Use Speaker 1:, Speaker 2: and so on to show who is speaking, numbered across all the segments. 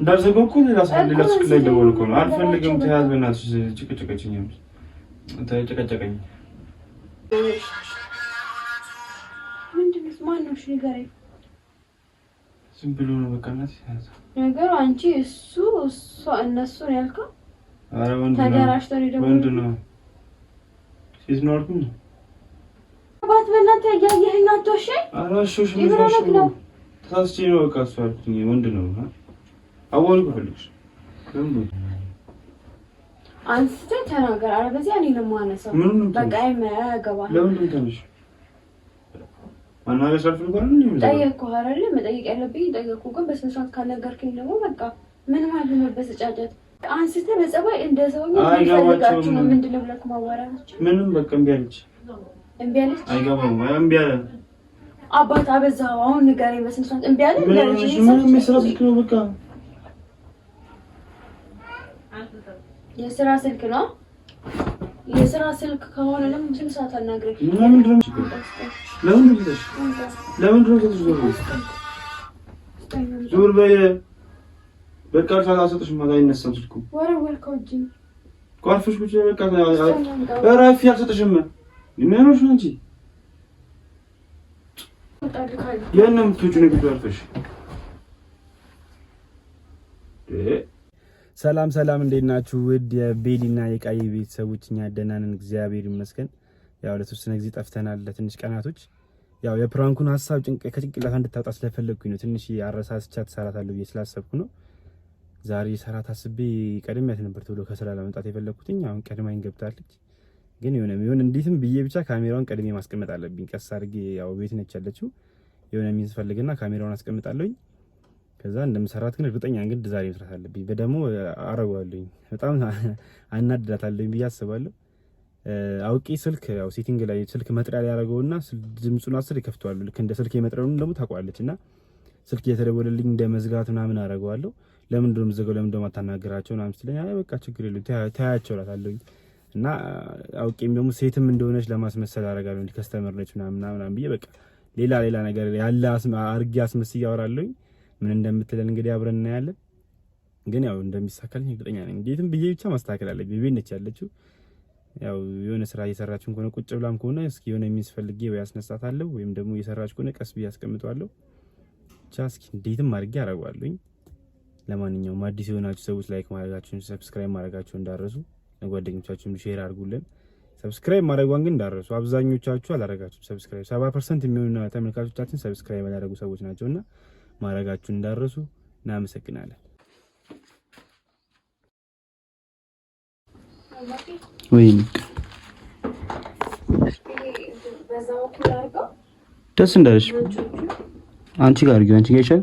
Speaker 1: እንዳልዘጋው እኮ ላይ ነው። አልፈልግም ተያዝ፣ ዝም ብሎ ነው በቃ
Speaker 2: ነገሩ። አንቺ እሱ እሱ እነሱ ነው ያልከው።
Speaker 1: ተደራጅተው ደግሞ ወንድ ነው ሴት ነው አልኩኝ።
Speaker 2: ባት በእናትህ እያየኸኝ
Speaker 1: አትወሸኝ ነው ሳስቼ ነው በቃ እሱ አልኩኝ። ወንድ ነው አዋልኩ ፈልግሽ
Speaker 2: አንስተህ ተናገር። ኧረ በዚያ እኔ ነው የማነሳው። በቃ አይገባም።
Speaker 1: ለምንድን ትንሽ ማናገር ሳልፈልግ
Speaker 2: ጠየቅኩህ አይደለ? መጠየቅ ያለብኝ ጠየቅኩህ። ግን በስንት ሰዓት ካልነገርከኝ ደግሞ በቃ ምን ማለት ነው በስጫጨት አንስተህ በጸባይ እንደ ሰው ፈልጋችሁ ነው ምንድን ነው ብለህ ማዋራታችሁ
Speaker 1: ምንም በቃ እምቢ አለች። እምቢ አለች። አይገባም። እምቢ አለ
Speaker 2: አባት አበዛ አሁን ንገረኝ በስንት ሰዓት እምቢ አለ።
Speaker 1: የስራ ስልክ ነው በቃ
Speaker 2: የስራ ስልክ ነው። የስራ ስልክ ከሆነ ለምን ስንት ሰዓት አናግረኝ?
Speaker 1: ዞር በይ በቃ አልሰጥሽም። አይነሳም ስልኩ
Speaker 2: ወረወርከው እንጂ
Speaker 1: ቆርፍሽ ቁጭ በቃ እረፊ። አልሰጥሽም። ምን ሆነሽ ነው እንጂ ያን የምትወጪው ነው ቤቱ ሰላም ሰላም፣ እንዴት ናችሁ? ውድ የቤሊና የቃይ ቤተሰቦች እኛ ደህና ነን፣ እግዚአብሔር ይመስገን። ያው ለተወሰነ ጊዜ ጠፍተናል፣ ለትንሽ ቀናቶች። ያው የፕራንኩን ሀሳብ ከጭንቅላት እንድታወጣ ስለፈለግኩኝ ነው። ትንሽ አረሳስቻ ትሰራታለሁ ብዬ ስላሰብኩ ነው። ዛሬ ሰራት አስቤ ቀድሜያት ነበር ቶሎ ከስራ ለመምጣት የፈለግኩትኝ። አሁን ቀድማኝ ገብታለች። ግን የሆነ ቢሆን እንዴትም ብዬ ብቻ ካሜራውን ቀድሜ ማስቀመጥ አለብኝ። ቀስ አድርጌ ያው ቤት ነች ያለችው የሆነ ሚንስ ፈልግና ካሜራውን አስቀምጣለሁኝ። ከዛ እንደምሰራት ግን እርግጠኛ እንግዲህ ዛሬ መስራት አለብኝ። በደሞ አረጓለኝ በጣም አናድዳታለኝ ብዬ አስባለሁ። አውቄ ስልክ ያው ሴቲንግ ላይ ስልክ መጥሪያ ላይ ያደረገውና ድምፁን አስር ይከፍተዋሉ። ልክ እንደ ስልክ የመጥሪያውን ደግሞ ታውቋለች እና ስልክ እየተደወለልኝ እንደ መዝጋት ምናምን አደረገዋለሁ። ለምን እንደምዘገው ለምን እንደማታናገራቸው ምናምን ስትለኝ አይ በቃ ችግር የለም ተያያቸው እላታለሁኝ። እና አውቄም ደግሞ ሴትም እንደሆነች ለማስመሰል አደርጋለሁ። እንዲ ከስተመር ነች ምናምናምናም ብዬ በቃ ሌላ ሌላ ነገር ያለ አርጌ አስመስ እያወራለኝ ምን እንደምትለን እንግዲህ አብረን እናያለን። ግን ያው እንደሚሳካልኝ እርግጠኛ ነኝ። እንዴትም ብዬ ብቻ ማስተካከል አለ ቤቤ ነች ያለችው። ያው የሆነ ስራ እየሰራችም ከሆነ ቁጭ ብላም ከሆነ እስኪ የሆነ የሚያስፈልግ ወይ አስነሳታለሁ፣ ወይም ደግሞ እየሰራች ከሆነ ቀስ ብዬ አስቀምጠዋለሁ። ብቻ እስኪ እንዴትም አድርጌ አደርገዋለሁኝ። ለማንኛውም አዲስ የሆናችሁ ሰዎች ላይክ ማድረጋችሁን ሰብስክራይብ ማድረጋችሁን እንዳረሱ ለጓደኞቻችሁም ሼር አድርጉልን። ሰብስክራይብ ማድረጓን ግን እንዳረሱ አብዛኞቻችሁ አላረጋችሁ። ሰብስክራይብ ሰባ ፐርሰንት የሚሆኑ ተመልካቾቻችን ሰብስክራይብ ያላደረጉ ሰዎች ናቸውና ማድረጋችሁ እንዳረሱ እናመሰግናለን። ደስ እንዳለሽ አንቺ ጋር አንቺ ጋር ይሻል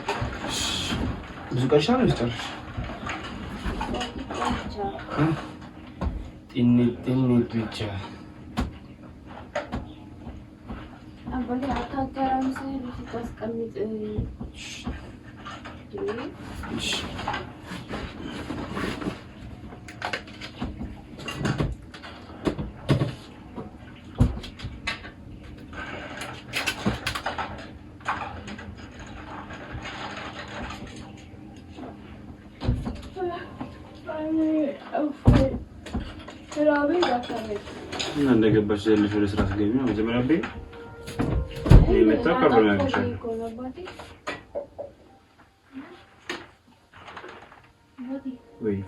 Speaker 1: ብዙ ቀሻ ነው ይጨርሽ ጥንት ብቻ
Speaker 2: አባቴ
Speaker 1: ለባሽ ዘለሽ ወደ ስራ ስገቢ ነው መጀመሪያ ቤ የመጣ ቀርበና ይቻል ወይ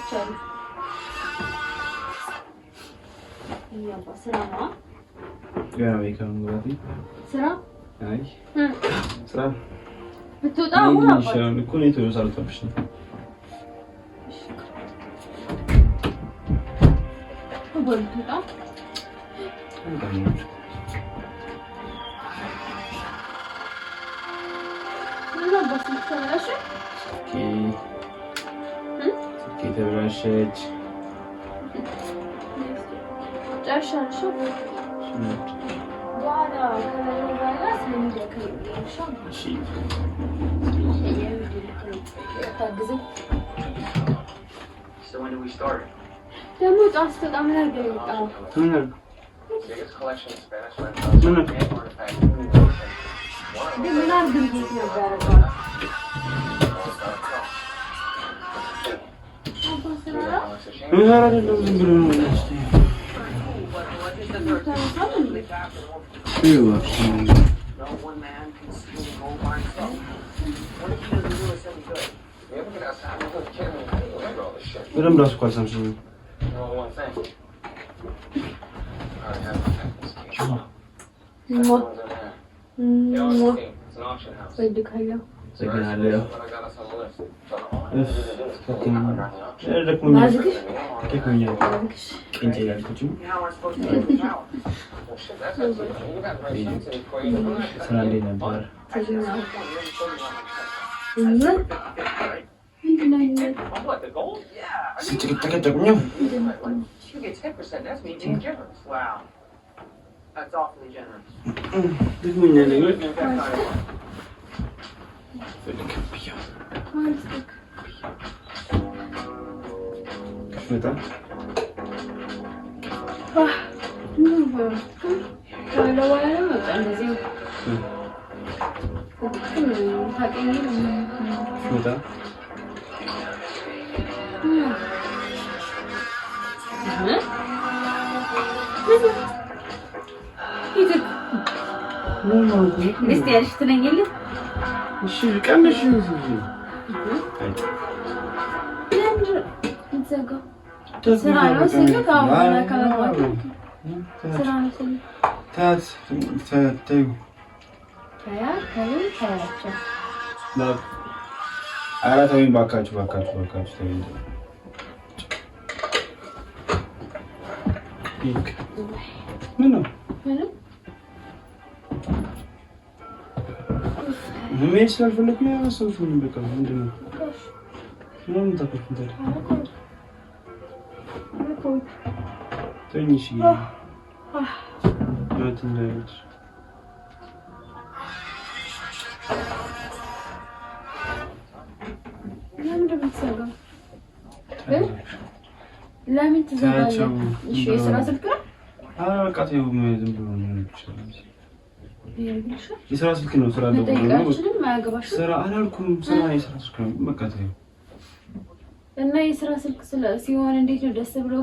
Speaker 2: ዛሬ नहीं आ पा सरा मां
Speaker 1: क्या वे Ay. Hı. Sıra.
Speaker 2: Bütün daha mı yapmadın?
Speaker 1: Şöyle konuyu alıp işte.
Speaker 2: Bu böyle tutar.
Speaker 1: Buradan yapacağım.
Speaker 2: Buradan basın. Sen ne Türkiye.
Speaker 1: Şey? Hı? Türkiye'de bir şey.
Speaker 2: شو وعلى لازم نذكر شلون شيء So when do we start? ደግሞ ጫት ስትወጣ ምን አድርገህ ነው
Speaker 1: የወጣኸው?
Speaker 2: ምን አድርገህ ምን አድርገህ ምን አድርገህ ብዬሽ ነበረ
Speaker 1: ምን ኧረ አይደለም ዝም ብሎ ነው Two of them. No one man can steal the gold by himself. What if he doesn't do us any good? Yeah, we could have time. We're gonna kill him. Remember all this shit. Wydam do składam, żeby... Mwah. Sakin h a k e n o n c e e l o u m i a a n a r a Böyle kapıyor. Mantık. Şuradan.
Speaker 2: Ah, ne yapıyorsun? Böyle bayılamıyoruz Ne Hı. Okutmuyorum. Hak eğilirim.
Speaker 1: Şuradan. Ah.
Speaker 2: Hı. Hı? Hı? Yedik. Ne oldu? Biz diğer üstüne gelip
Speaker 1: እሺ ቀንሽ። ኧረ ተወኝ ባካችሁ፣ ባካችሁ፣ ባካችሁ ተወኝ። ምነው हमें इस बार फल किया है सब सुन बेकार हम दिन सुनो तक फिर तो नहीं सी मैं तुम ले ለምን ትዘጋለህ?
Speaker 2: እሺ የስራ ስልክ ነው።
Speaker 1: አረ በቃ ተይው፣ ዝም ብሎ ነው የሚችለው የስራ ስልክ ነው። ስራ ስራ አላልኩም። ስራ የስራ ስልክ ነው። መካተል
Speaker 2: እና የስራ ስልክ ሲሆን እንዴት ነው ደስ ብሎ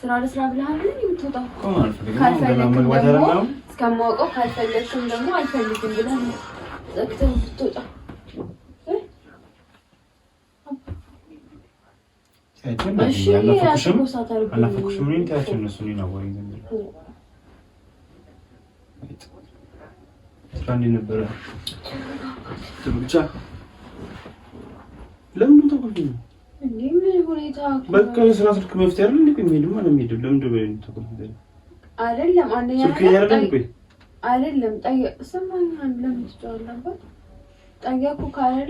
Speaker 2: ስራ ለስራ ብለሃል የምትወጣው? እስከማውቀው ደግሞ አልፈልግም ብለህ ዘግተህ ብትወጣ
Speaker 1: እሺ አንድ ነበረ ብቻ ለምን በቃ የስራ ስልክ መፍትሄ አይደል እንዴ? የሚሄድማ ነው ለምን ደበለ ነው
Speaker 2: አይደለም። አንደኛ አይደለም ጠየቅ ስማኝ፣ ለምን ትጫወታለህ? ጠየቅኩ ካለ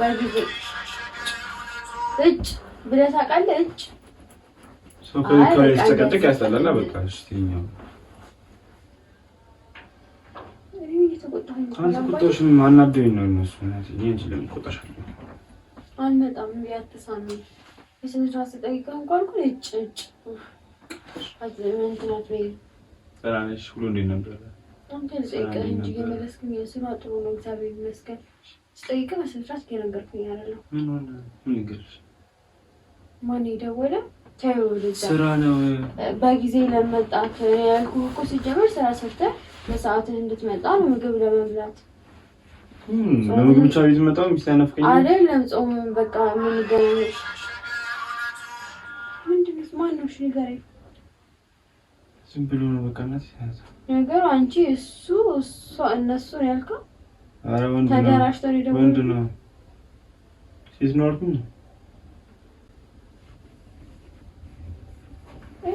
Speaker 2: በጊዜ እጭ ብለህ ታውቃለህ። እጭ
Speaker 1: ሰው ከሌላ ይስተቀጥቅ ያስጠላል። በቃ እሺ፣ ትኛው አልተቆጣሽም። አናደኝ ነው እነሱ
Speaker 2: አልመጣም ያትሳሚ የስነስራ ስጠይቀ እንኳን ጭጭ እንትናት ወይ
Speaker 1: ሁሉ እንዴት ነበረ?
Speaker 2: አንተ ልጠይቀህ እንጂ የመለስክኝ ስማ፣ ጥሩ ነው እግዚአብሔር ይመስገን። ስጠይቀህ በስነስርዓት እየነገርኩኝ አይደለም። ምን ይገልጽ? ማን የደወለ? ተይው ልጅ ስራ ነው በጊዜ ለመምጣት ያልኩህ እኮ ሲጀመር ስራ ሰርተህ በሰዓትህ እንድትመጣ ነው ምግብ ለመብላት
Speaker 1: ለምግብ ብቻ ቤት መጣ ሚስት ያነፍቀኝ
Speaker 2: አይደለም። ጾም በቃ የምንገናኘው ምንድን ነው? ማን ነው? እሺ ንገረኝ።
Speaker 1: ዝም ብሎ ነው በቃ እናት
Speaker 2: ነገሩ። አንቺ እሱ እሷ እነሱ ነው ያልከው።
Speaker 1: ኧረ ደግሞ ወንድ ነው ሴት ነው አልኩኝ።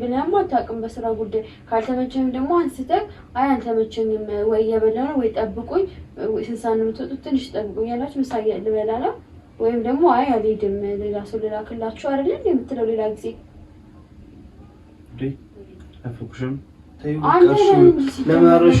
Speaker 2: ምንም አታውቅም በስራ ጉዳይ። ካልተመቸንም ደግሞ አንስተህ አይ አልተመቸኝም ወይ እየበላ ነው ወይ ጠብቁኝ፣ ስንት ሰዓት ነው የምትወጡት? ትንሽ ጠብቁኝ ያላችሁ ምሳ ልበላ ነው ወይም ደግሞ አይ አልሄድም ሌላ ሰው ልላክላችሁ አይደለም የምትለው ሌላ ጊዜ ጀመር
Speaker 1: ለማረሹ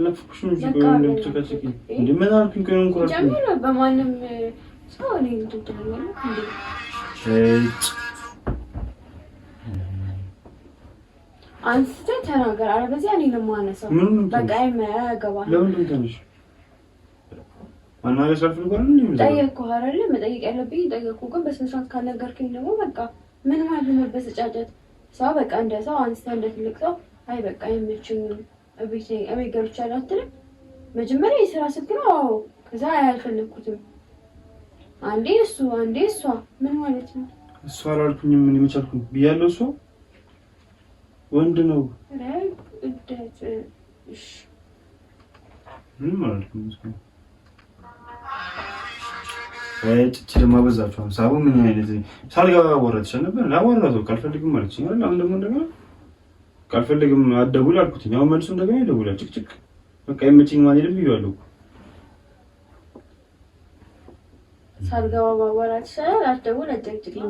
Speaker 1: አንስተህ
Speaker 2: ተናገር። አለበለዚያ እኔ ነው የማነሳው። በቃ አይመገባም።
Speaker 1: ለምንድን ትንሽ ማናገር ሳልፈልግ
Speaker 2: ጠየቅኩህ አይደለ? መጠየቅ ያለብኝ ጠየቅኩህ። ግን በስነ ስርዓት ካልነገርከኝ ደግሞ በቃ ምን ማለት ነው መበሰጫጨት? ሰው በቃ እንደ ሰው አንስተህ እንደ ትልቅ ሰው አይ በቃ አይመችኝም እቤት ገብቻለሁ አትልም። መጀመሪያ የስራ ስልክ ነው። አዎ፣ ከዛ አያልፈለኩትም። አንዴ እሱ አንዴ እሷ ምን ማለት ነው?
Speaker 1: እሱ አላልኩኝም። ምን የመቻልኩ ብያለሁ። እሱ ወንድ ነው። ምን ማለት ደግሞ አበዛችሁ። ሳቡ ምን አይነት ሳልገባ አወራትሽ ነበር። አወራሁ ካልፈልግም አለችኝ። ለምን ደግሞ እንደገና ካልፈለግም አትደውል አልኩት። ያው መልሱ እንደገና ይደውላል። ጭቅጭቅ በቃ የመችኝ ማን ይልም ይላል
Speaker 2: ሳልገባ ባወራት ይሻላል። አትደውል አትጨቅጭቅኝ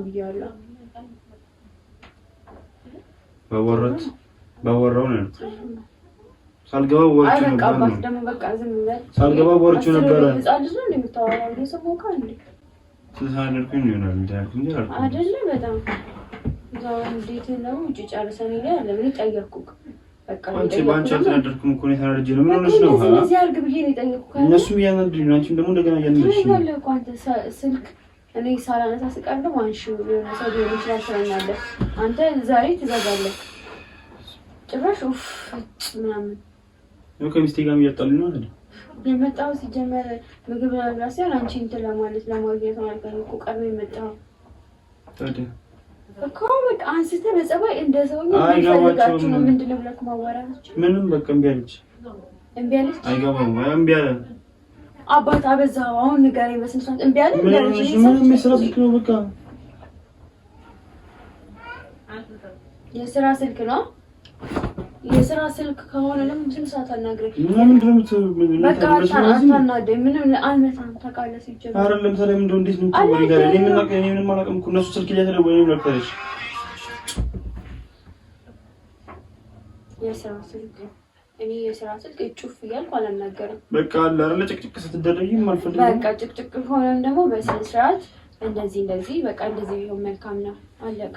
Speaker 1: ባወራት ባወራው ነው ሳልገባ ወርቹ ነበር ሳልገባ ወርቹ ነበር አይደል?
Speaker 2: በጣም እንዴት ነው ውጭ ጨርሰን እኛ
Speaker 1: እነሱም እያናደዱኝ ነው፣ አንቺም ደግሞ እንደገና እያናደድሽ
Speaker 2: ነው። ስልክ እኔ ሳላነሳ ስቀርም አንሺ ሰው ሊሆን ይችላል ትለኛለህ። አንተ ዛሬ ትዘጋለህ ጭራሽ ኡፍ ምናምን
Speaker 1: ከሚስቴ ጋር እያጣሉኝ ነው አይደል
Speaker 2: የመጣው ሲጀመር ምግብ ለመብላት ሲሆን አንቺ እንትን ለማለት ለማግኘት ነው ያልከኝ እኮ ቀድሞ የመጣው ታዲያ እኮ በቃ አንስተህ በጸባይ እንደ ሰው
Speaker 1: ነው። ምንድን ነው ብለህ ማዋራታችሁ? ምንም በቃ እምቢ አለች፣ እምቢ አለች። አይገባም። እምቢ አለ
Speaker 2: አባት አበዛኸው። አሁን ንገረኝ በስንት ሰዓት እምቢ አለ?
Speaker 1: ምንም የስራ ስልክ ነው በቃ
Speaker 2: የስራ ስልክ ነው የስራ ስልክ ከሆነ ለምን ስንት ሰዓት አናግረኝ?
Speaker 1: እነሱ ስልክ እያተደወለ ነበረች።
Speaker 2: የስራ ስልክ እኔ የስራ ስልክ እጩፍ እያልኩ አላናገርም።
Speaker 1: በቃ አለ ጭቅጭቅ ስትደረጊ
Speaker 2: በቃ ጭቅጭቅ ከሆነም ደግሞ በስነ ስርዓት እንደዚህ እንደዚህ በቃ እንደዚህ ቢሆን መልካም ነው። አለቀ።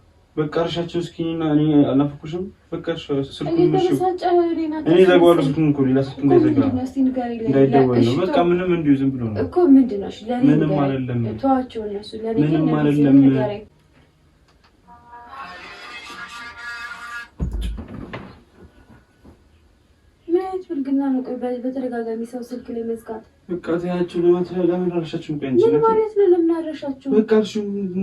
Speaker 1: በቃ እርሻቸው እስኪ እና እኔ አልናፈኩሽም። በቃ ስልኩን እሺ፣ እኔ ዘጋዋለሁ ስልኩን እኮ ሌላ ስልክ እንዳይዘጋ እንዳይደወል ነው። በቃ ምንም እንዲሁ ዝም ብሎ
Speaker 2: ነው እኮ ምንም
Speaker 1: አይደለም፣
Speaker 2: ምንም አይደለም። ግን ነው ቆይ፣ በተደጋጋሚ ሰው ስልክ ላይ መዝጋት
Speaker 1: በቃ ታያችሁ። ለምን አረሻችሁ? ቆይ እንጂ
Speaker 2: ምን ማለት ነው? ለምን አረሻችሁ?
Speaker 1: በቃ እሺ፣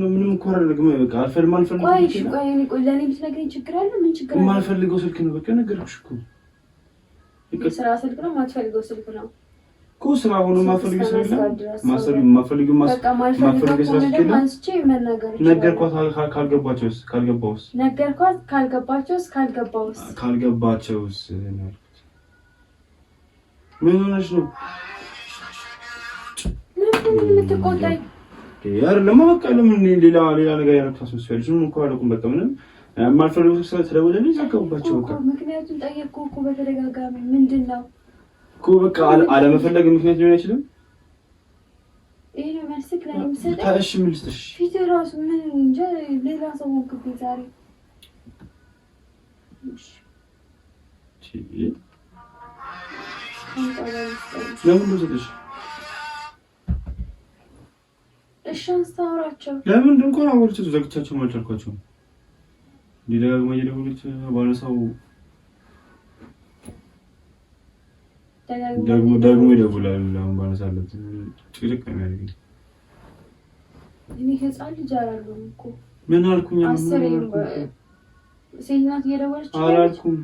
Speaker 1: ምንም እኮ አላደርግም። በቃ አልፈልግም፣ አልፈልግም።
Speaker 2: ቆይ እሺ፣ ቆይ እኔ ቆይ፣ ችግር አለ? ምን ችግር
Speaker 1: አለ? የማልፈልገው ስልክ ነው። በቃ ነገርኩሽ
Speaker 2: እኮ ስራ ስልክ ነው። የማትፈልገው ስልክ ነው
Speaker 1: እኮ ስራ ሆኖ ማፈልግ ስለሌለ ማሰብ ማፈልግ
Speaker 2: ማፈልግ ስለሌለ
Speaker 1: ነገርኳት። ካልገባቸውስ ካልገባውስ
Speaker 2: ነገርኳት። ካልገባቸውስ ካልገባውስ
Speaker 1: ካልገባቸውስ ምን ሆነሽ ነው? ለምን ሌላ ሌላ ነገር ያነካሰስያልሽ? ምን እኮ አላውቅም። በቃ
Speaker 2: ምክንያቱም ጠየቅኩ እኮ በተደጋጋሚ ምንድን ነው
Speaker 1: እኮ በቃ አለመፈለግ ምክንያት ሊሆን አይችልም።
Speaker 2: ይሄ ራሱ ምን እንጃ ሌላ ሰው ሞክብኝ ዛሬ ለምን ወሰደሽ እሺ፣ አንስታውራቸው
Speaker 1: ለምን ድንኳን አወርጭ ዘግቻቸው አልቻልኳቸውም። ደጋግማ እየደወለች ባነሳው ደግሞ ደግሞ ይደውላል። አሁን ባነሳለት ጭቅጭቅ ነው የሚያደርገኝ።
Speaker 2: እኔ ህፃን ልጅ አላልኩም እኮ ምን አልኩኝ? ሴት ናት እየደወለች አላልኩም፣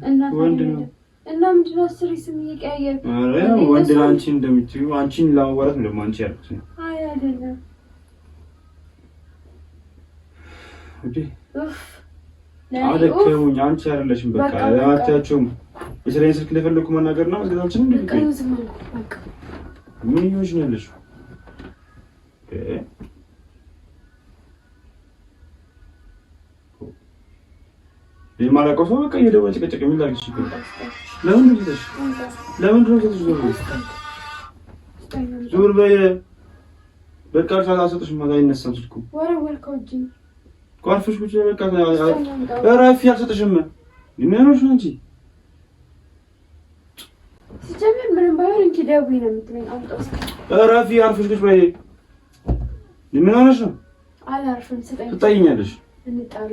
Speaker 2: ወንድ ነው እና ምንድነው ነው አስሬ ስም እየቀያየርኩ?
Speaker 1: አረ ወንድ አንቺን እንደምትዩ አንቺን ለማዋራት ነው አንቺ ያልኩት ነው።
Speaker 2: አይ አይደለም።
Speaker 1: እዴ አደከሙኝ። አንቺ አይደለሽም። በቃ አላታችሁም። የስራዬን ስልክ እንደፈለኩ መናገር ነው ስለዚህ እንዴ? በቃ ምን ይሆንሽ ነው ያለሽው? የማላውቀው ሰው በቃ እየደወለ ጭቅጭቅ የሚላክሽ ይችላል። በየ በቃ እርሳት አሰጥሽ ማታ አይነሳም ስልኩ ቋርፍሽ ቁጭ በቃ እረፊ። አልሰጥሽም የሚያኖሽ እንጂ እረፊ። አርፍሽ ቁጭ በይ። የሚያኖሽ ነው
Speaker 2: አላርፍም። ስጠኝ፣ ትጠይኛለሽ እንጣላ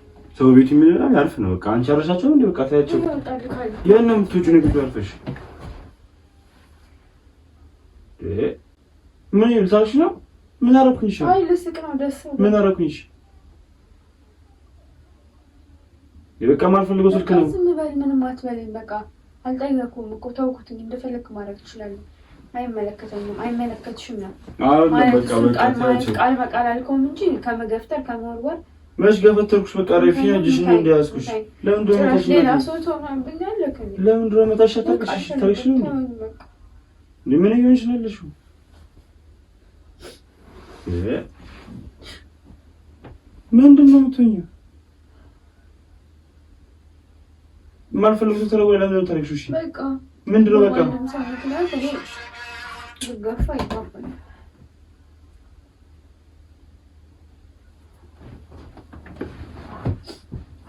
Speaker 1: ሰው ቤት የሚለው ያልፍ ነው። በቃ አንቺ አረሳቸው እንዴ? በቃ ታያቸው ያንንም ትጁ ነው ቢዱ አልፈሽ ምን ይልታሽ ነው? ምን አረኩኝሽ?
Speaker 2: አይ ልስቅ ነው ደስ
Speaker 1: ምን አረኩኝሽ? የበቃ የማልፈልገው ስልክ ነው።
Speaker 2: ዝም በል፣ ምንም አትበለኝ። በቃ አልጠየኩም እኮ ተውኩትኝ። እንደፈለክ ማድረግ ትችላለህ። አይመለከተኝም፣ አይመለከትሽም ነው ቃል በቃል አልከውም እንጂ ከመገፍተር ከመወርወር
Speaker 1: መች ገፈተርኩሽ? በቃ ረፊ እጅሽ ነው እንዳያዝኩሽ። ለምን ድሮ ታሽ ሌላ ለምን ምን ነው ያለሽው? ምንድን ነው የምትሆኚው? ለምን ነው ታሪሽ? ምንድን ነው በቃ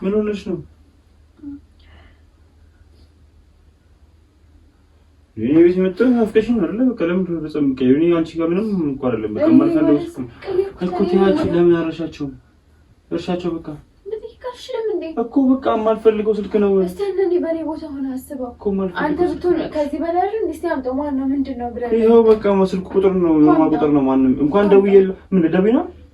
Speaker 1: ምን ሆነሽ ነው? የኔ ቤት መጥተሽ አፍቀሽኝ አይደለ? በቃ ለምን በጣም በቃ የኔ አንቺ ጋር ምንም እንኳን አይደለም። በቃ ማለት ነው እኮ ትያንቺ ለምን አረሻቸው እርሻቸው በቃ እኮ በቃ የማልፈልገው ስልክ ነው።
Speaker 2: እስቲ እኔ በኔ ቦታ ሆነ አስበው አንተ ብትሆን ከዚህ በላይ አይደል? እስቲ አምጠው ማን ነው ምንድን ነው ብለህ
Speaker 1: ይኸው በቃ ስልክ ቁጥር ነው የማን ቁጥር ነው ማንም እንኳን ደውዬ ምን ደውዬ ነው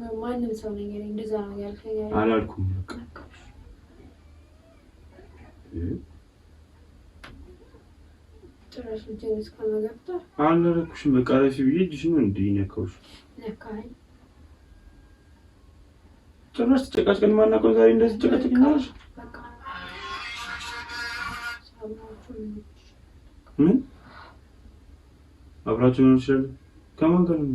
Speaker 2: మేము మా ఇంటికి సమయం ఇంటి సమయం
Speaker 1: ఆడాడుకున్నాం አልኩሽም በቃ ረፊ ብዬ እጅሽን እንዲ ነካውሽ ጭራሽ ተጨቃጭቀን ማናውቀው ዛሬ እንደዚህ ጭቅጭቅ ነሽ። ምን አብራችሁ ነው ይችላል ከማን ጋር ነው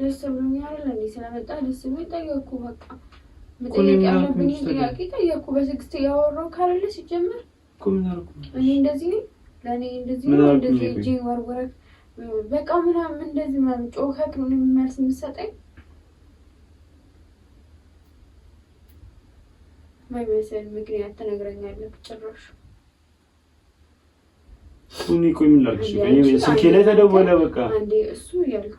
Speaker 2: ደስ ብሎኛል ለኔ ስለመጣ ደስ ብሎኝ ጠየኩ። በቃ
Speaker 1: መጠየቅ ያለብኝ
Speaker 2: ጥያቄ ጠየኩ። በስግስት እያወራሁ ካለለ ሲጀምር እኔ እንደዚህ ለእኔ እንደዚህ እንደዚህ እጄ ወርወረክ በቃ ምናምን እንደዚህ ምናምን ጮኸክ ነው የሚመልስ የምትሰጠኝ ማይመስል ምክንያት ትነግረኛለህ ጭራሽ።
Speaker 1: እኔ ቆይ ምን ላድርግሽ? ስልኬ ላይ ተደወለ። በቃ
Speaker 2: አንዴ እሱ ያልክ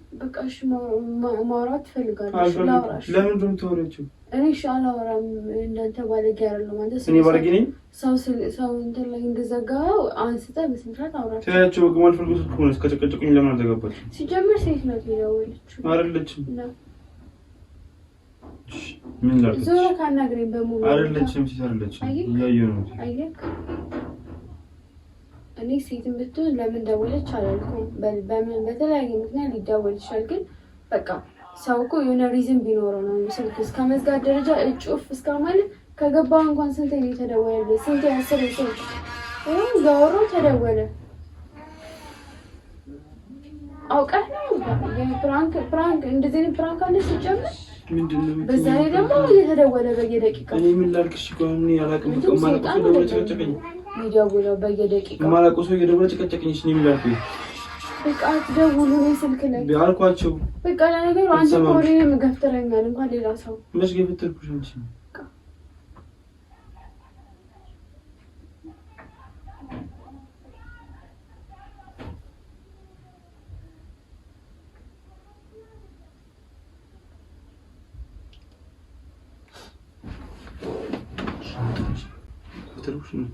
Speaker 2: በቃ እሺ፣ ማውራት ትፈልጋለሁ።
Speaker 1: ለምን ደም ተወረችው?
Speaker 2: እኔ እሺ አላወራም። እንዳንተ ባለጌ አይደለም ማለት እኔ ባለጌ ነኝ? ሰው ሰው እንትን ላይ እንደዘጋው አንስተህ በስንት ሰዓት አውራት
Speaker 1: ትያቸው። ግማል ፍልጎ ስልክ ሆነስ ከጨቀጨቁኝ ለምን አልዘጋባች?
Speaker 2: ሲጀመር ሴት ናት የደወለችው
Speaker 1: አይደለችም። ምን ላድርግ?
Speaker 2: ዞር ካናግረኝ በሙሉ
Speaker 1: አይደለችም። ሲሳለች እያየሁ ነው። አየህ
Speaker 2: እኔ ሴትን ብትሆን ለምን ደወለች አላልኩም። በምን በተለያየ ምክንያት ሊደወል ይችላል። ግን በቃ ሰው እኮ የሆነ ሪዝን ቢኖረው ነው ስልክ እስከ መዝጋት ደረጃ እጩፍ እስከ ማለት ከገባ እንኳን ስንት ነው የተደወለ ስንት ያስር ስልክ ዛወሮ ተደወለ አውቀህ ነው ፕራንክ ፕራንክ እንደዚህ ፕራንክ አለ ሲጨምር በዛ ላይ ደግሞ እየተደወለ በየደቂቃ
Speaker 1: ምን ደወለ እሺ
Speaker 2: የሚደውለው በየደቂቃው
Speaker 1: የማላውቀው ሰው እየደወለ ጭቀጨቅኝ እሺ ነው የሚላኩኝ።
Speaker 2: በቃ አትደውሉ፣ እኔ ስልክ ነኝ አልኳቸው። በቃ ለነገሩ አንተ ኮሪ የምገፍትረኛል እንኳን ሌላ ሰው
Speaker 1: መች ገፍትርኩሽ አንቺ Thank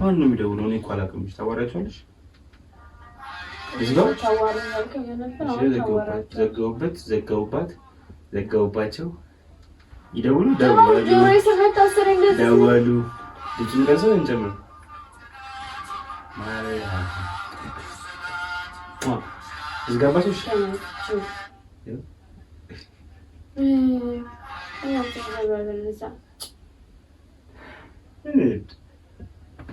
Speaker 1: ማን ነው የሚደውለው? እኔ እኮ አላውቅም። ታዋሪያቸዋለሽ ዘጋውበት ዘጋውባት ዘጋውባቸው። ይደውሉ
Speaker 2: ደወሉ።
Speaker 1: ልጁን እንጀምር ዝጋባቸው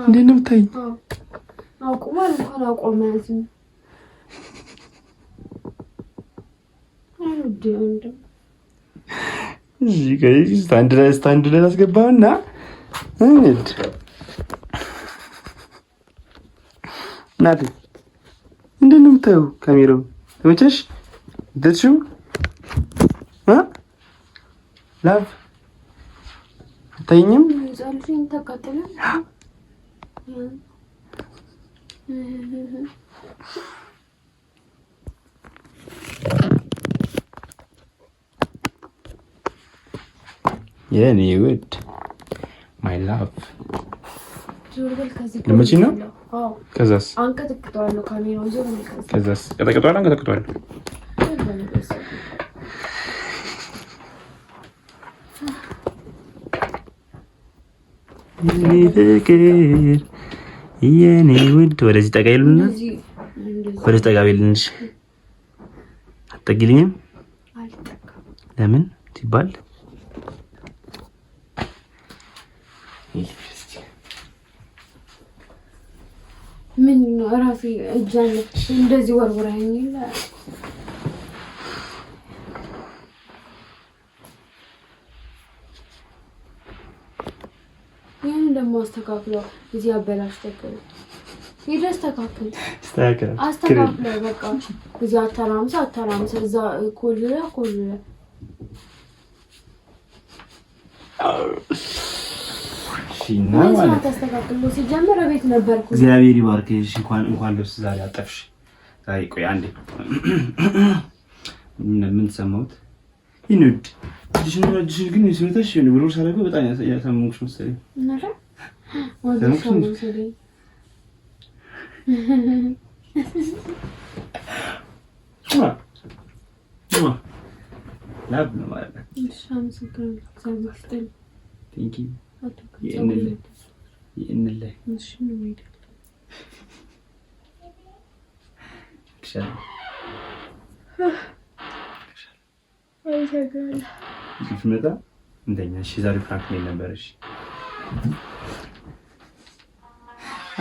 Speaker 1: እንዴት ነው የምታይኝ? አቁሟል እንኳን አቆመ ስታንድ ላይ አስገባውና እንዴት ናት? እንዴት ነው የምታየው? ካሜራው ተመቸሽ? ደርሽው ላቭ አታይኝም? የኔ ውድ ማይ ላቭ ለመቼ ነው? ከዛስ ከዛስ ቀጠቅጠዋለሁ፣ አንቀጠቅጠዋለሁ። ፍቅር የኔ ውድ ወደዚህ ጠጋ ይሉና ወደዚህ ጠጋ ይልንሽ አትጠጊልኝም። ለምን ሲባል ምን ነው ራሴ እጃለሁ እንደዚህ ወርውራኝ አስተካክለው እዚህ አበላሽተው ሄደህ አስተካክል አስተካክለው። በቃ እዚህ አተራምሰ አተራምሰ እዛ ኮልለ ኮልለ አስተካክለው። ሲጀምር ቤት ነበርኩ። እግዚአብሔር ይባርክሽ። እንኳን እንኳን ልብስ ዛሬ አጠፍሽ። ዛሬ ቆይ አንዴ ምን ሰማሁት? ይንድ ድሽን ግን ነው ብሩር ሳደርገው በጣም ያሳሙሽ መሰለኝ Sen Orada yoksun. sordum soruyu. Mua. Mua. Love no matter. Şu an sıkıyorum. Güzel isterim. Şey Thank you. Hadi bakalım. Yenile. Yenile. بإذن الله Şimdi miydi? إن شاء الله Hayır, hayır. Gitmeden. እንደኛ እሺ ዛሬ ፍራንክ ነኝ ነበረሽ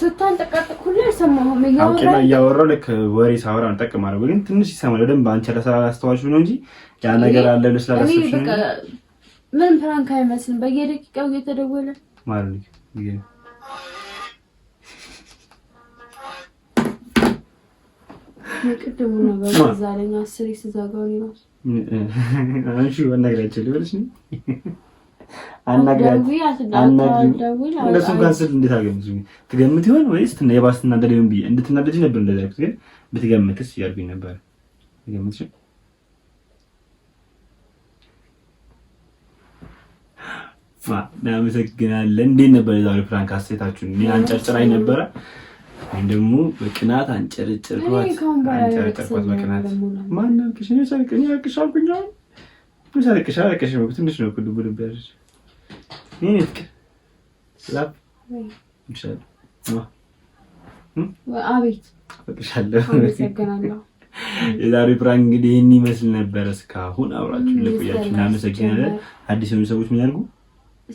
Speaker 1: ትቷን ጠቃጥቅ ሁሉ አልሰማሁም። እያወራሁ ልክ ወሬ ሳወራ እጠቅማለሁ፣ ግን ትንሽ ይሰማል። በደንብ አንቺ ስላስተዋልሽው ነው እንጂ ያ ነገር አለ ብለሽ ስላላሰብሽ ነው። ምን ፕራንክ አይመስልም። በየደቂቃው እየተደወለ ማለት ነው። የቅድሙ ነገር እዛ አለኝ አስሬ ስዘጋው ነው አንቺ ወናግራችሁ ልበልሽ ነው እነሱን ካንስል እንዴት አገኙት? ትገምት ይሆን ወይስ የባስ ትናደድ ይሆን ብዬ እንድትናደጅ ነበር እንደዛ ያልኩት። ግን ብትገምትስ እያልኩኝ ነበር። ትገምት እናመሰግናለን። እንዴት ነበር የዛሬ ፕራንክ? አስተያየታችሁን እኔ አንጨርጭራኝ ነበረ ወይም ደግሞ በቅናት አንጨርጭርኳት አንጨርጭርኳት በቅናት ማን ነው? እኔ ሰርቅሽ አለቀሽ ትንሽ ነው ልቡ ልብ ያለች የዛሬ ፕራንክ እንግዲህ ይህን ይመስል ነበረ። እስካሁን አብራችሁ ለቆያችሁ እናመሰግናለን። አዲስ የሆኑ ሰዎች ምን ያድርጉ?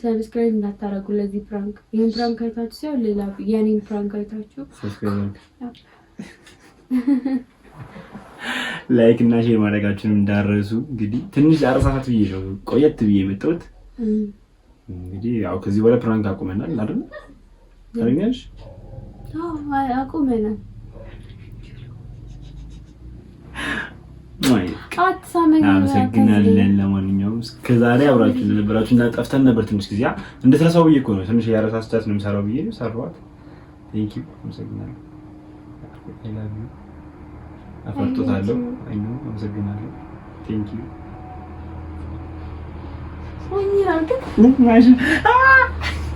Speaker 1: ሰብስክራይብ እንዳታረጉ ለዚህ ፕራንክ። ይህን ፕራንክ አይታችሁ ሲሆን ሌላ የኔን ፕራንክ አይታችሁ ላይክ እና ሼር ማድረጋችሁንም እንዳረሱ። እንግዲህ ትንሽ አረሳሳት ብዬ ነው ቆየት ብዬ የመጣሁት። እንግዲህ ያው ከዚህ በኋላ ፕራንክ አቁመናል አይደል? ታገኛለሽ? አዎ አቁመናል። አመሰግናለን። ለማንኛውም እስከዛሬ አብራችሁ እንደነበራችሁ እና ጠፍተን ነበር ትንሽ ጊዜ እንደተረሳው ብዬ እኮ ነው ትንሽ ያረሳስታት ነው የምሰራው ብዬ ነው ሰራኋት። ቴንክ ዩ አመሰግናለሁ። አፈርጦታለሁ። አይ ነው አመሰግናለሁ። ቴንክ ዩ Ой, ні, рамки. Ну, майже. А!